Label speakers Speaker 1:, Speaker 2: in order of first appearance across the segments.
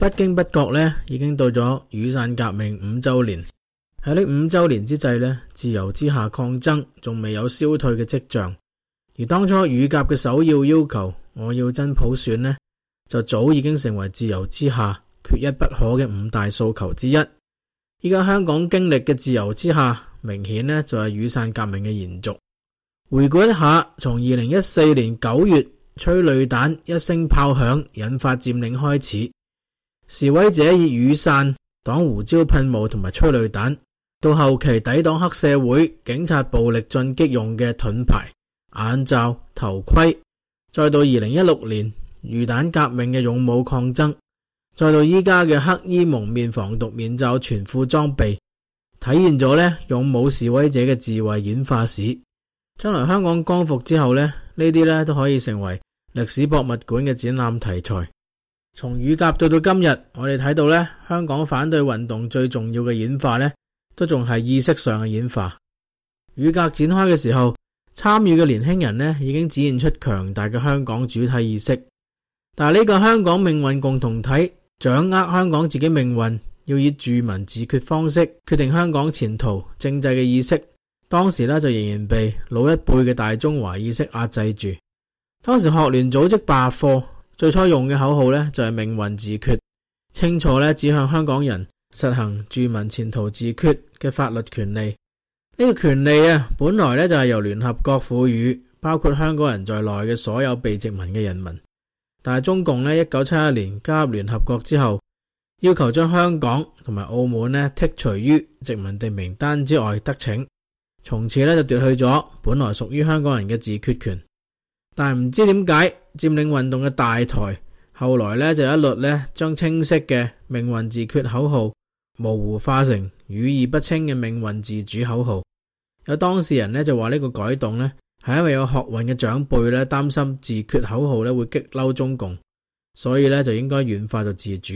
Speaker 1: 不經不覺咧，已經到咗雨傘革命五周年。喺呢五周年之際咧，自由之夏抗爭仲未有消退嘅跡象。而當初雨傘嘅首要要求，我要真普選呢，就早已經成為自由之夏缺一不可嘅五大訴求之一。依家香港經歷嘅自由之夏，明顯呢就係、是、雨傘革命嘅延續。回顧一下，從二零一四年九月催淚彈一聲炮響，引發佔領開始。示威者以雨傘擋胡椒噴霧同埋催淚彈，到後期抵擋黑社會警察暴力進擊用嘅盾牌、眼罩、頭盔，再到二零一六年魚蛋革命嘅勇武抗爭，再到依家嘅黑衣蒙面防毒面罩全副裝備，體現咗咧勇武示威者嘅智慧演化史。將來香港光復之後咧，呢啲咧都可以成為歷史博物館嘅展覽題材。從雨傘到到今日，我哋睇到咧，香港反對運動最重要嘅演化咧，都仲係意識上嘅演化。雨傘展開嘅時候，參與嘅年輕人呢已經展現出強大嘅香港主體意識。但係呢個香港命運共同體、掌握香港自己命運、要以住民自決方式決定香港前途政制嘅意識，當時咧就仍然被老一輩嘅大中華意識壓制住。當時學聯組織罷課。最初用嘅口號咧，就係命運自決，清楚咧指向香港人實行住民前途自決嘅法律權利。呢個權利啊，本來咧就係由聯合國賦予，包括香港人在內嘅所有被殖民嘅人民。但係中共呢，一九七一年加入聯合國之後，要求將香港同埋澳門呢剔除於殖民地名單之外，得逞從此咧就奪去咗本來屬於香港人嘅自決權。但係唔知點解？佔領運動嘅大台，後來咧就一律咧將清晰嘅命運自決口號模糊化成語意不清嘅命運自主口號。有當事人咧就話呢個改動咧係因為有學運嘅長輩咧擔心自決口號咧會激嬲中共，所以咧就應該軟化做自主。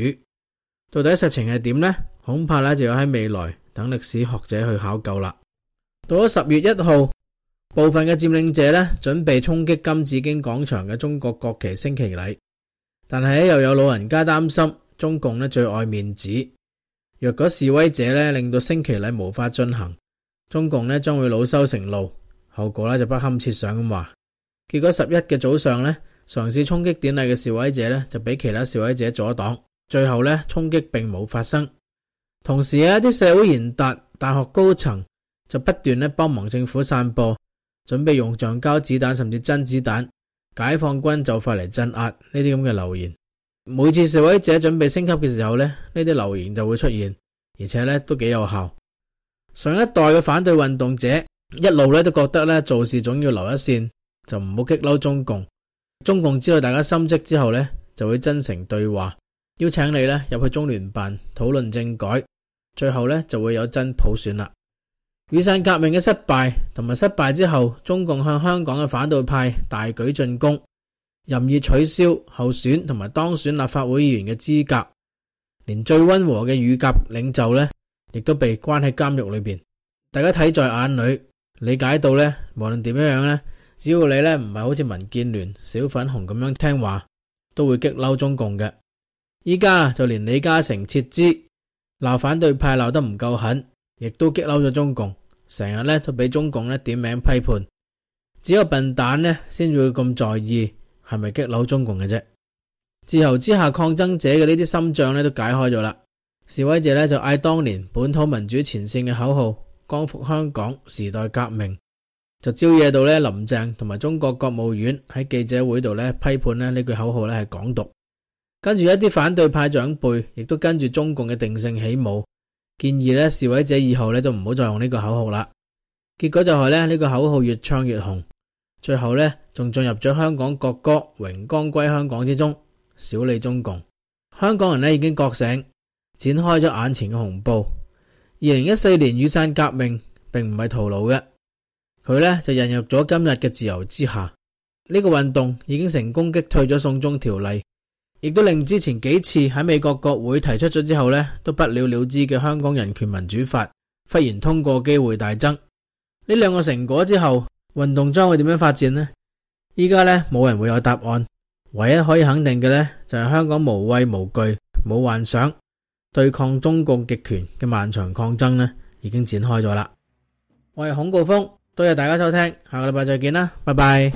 Speaker 1: 到底實情係點咧，恐怕咧就要喺未來等歷史學者去考究啦。到咗十月一號。部分嘅佔領者咧準備衝擊金紫荊廣場嘅中國國旗升旗禮，但係又有老人家擔心中共咧最愛面子，若果示威者咧令到升旗禮無法進行，中共咧將會惱羞成怒，後果咧就不堪設想咁話。結果十一嘅早上咧嘗試衝擊典禮嘅示威者咧就俾其他示威者阻擋，最後咧衝擊並冇發生。同時一啲社會賢達、大學高層就不斷咧幫忙政府散播。準備用橡膠子彈甚至真子彈，解放軍就發嚟鎮壓呢啲咁嘅流言。每次示威者準備升級嘅時候呢，呢啲流言就會出現，而且呢都幾有效。上一代嘅反對運動者一路咧都覺得咧做事總要留一線，就唔好激嬲中共。中共知道大家心迹之後呢，就會真誠對話，邀請你呢入去中聯辦討論政改，最後呢就會有真普選啦。雨傘革命嘅失敗，同埋失敗之後，中共向香港嘅反對派大舉進攻，任意取消候選同埋當選立法會議員嘅資格，連最溫和嘅乳鴿領袖呢亦都被關喺監獄裏邊。大家睇在眼裏，理解到呢，無論點樣樣呢，只要你呢唔係好似民建聯小粉紅咁樣聽話，都會激嬲中共嘅。依家就連李嘉誠撤資，鬧反對派鬧得唔夠狠。亦都激嬲咗中共，成日咧都俾中共咧點名批判，只有笨蛋咧先會咁在意係咪激嬲中共嘅啫。自由之夏，抗爭者嘅呢啲心障咧都解開咗啦。示威者咧就嗌當年本土民主前線嘅口號“光復香港，時代革命”，就招惹到咧林鄭同埋中國國務院喺記者會度咧批判咧呢句口號咧係港獨，跟住一啲反對派長輩亦都跟住中共嘅定性起舞。建議咧，示威者以後咧就唔好再用呢個口號啦。結果就係咧，呢個口號越唱越紅，最後咧仲進入咗香港國歌《榮光歸香港》之中。少理中共，香港人咧已經覺醒，展開咗眼前嘅紅布。二零一四年雨傘革命並唔係徒勞嘅，佢咧就引入咗今日嘅自由之夏。呢、呢個運動已經成功擊退咗送中條例。亦都令之前幾次喺美國國會提出咗之後呢，都不了了之嘅香港人權民主法忽然通過機會大增。呢兩個成果之後，運動將會點樣發展呢？依家呢，冇人會有答案。唯一可以肯定嘅呢，就係、是、香港無畏無懼、冇幻想對抗中共極權嘅漫長抗爭呢，已經展開咗啦。我係孔誥烽，多謝大家收聽，下個禮拜再見啦，拜拜。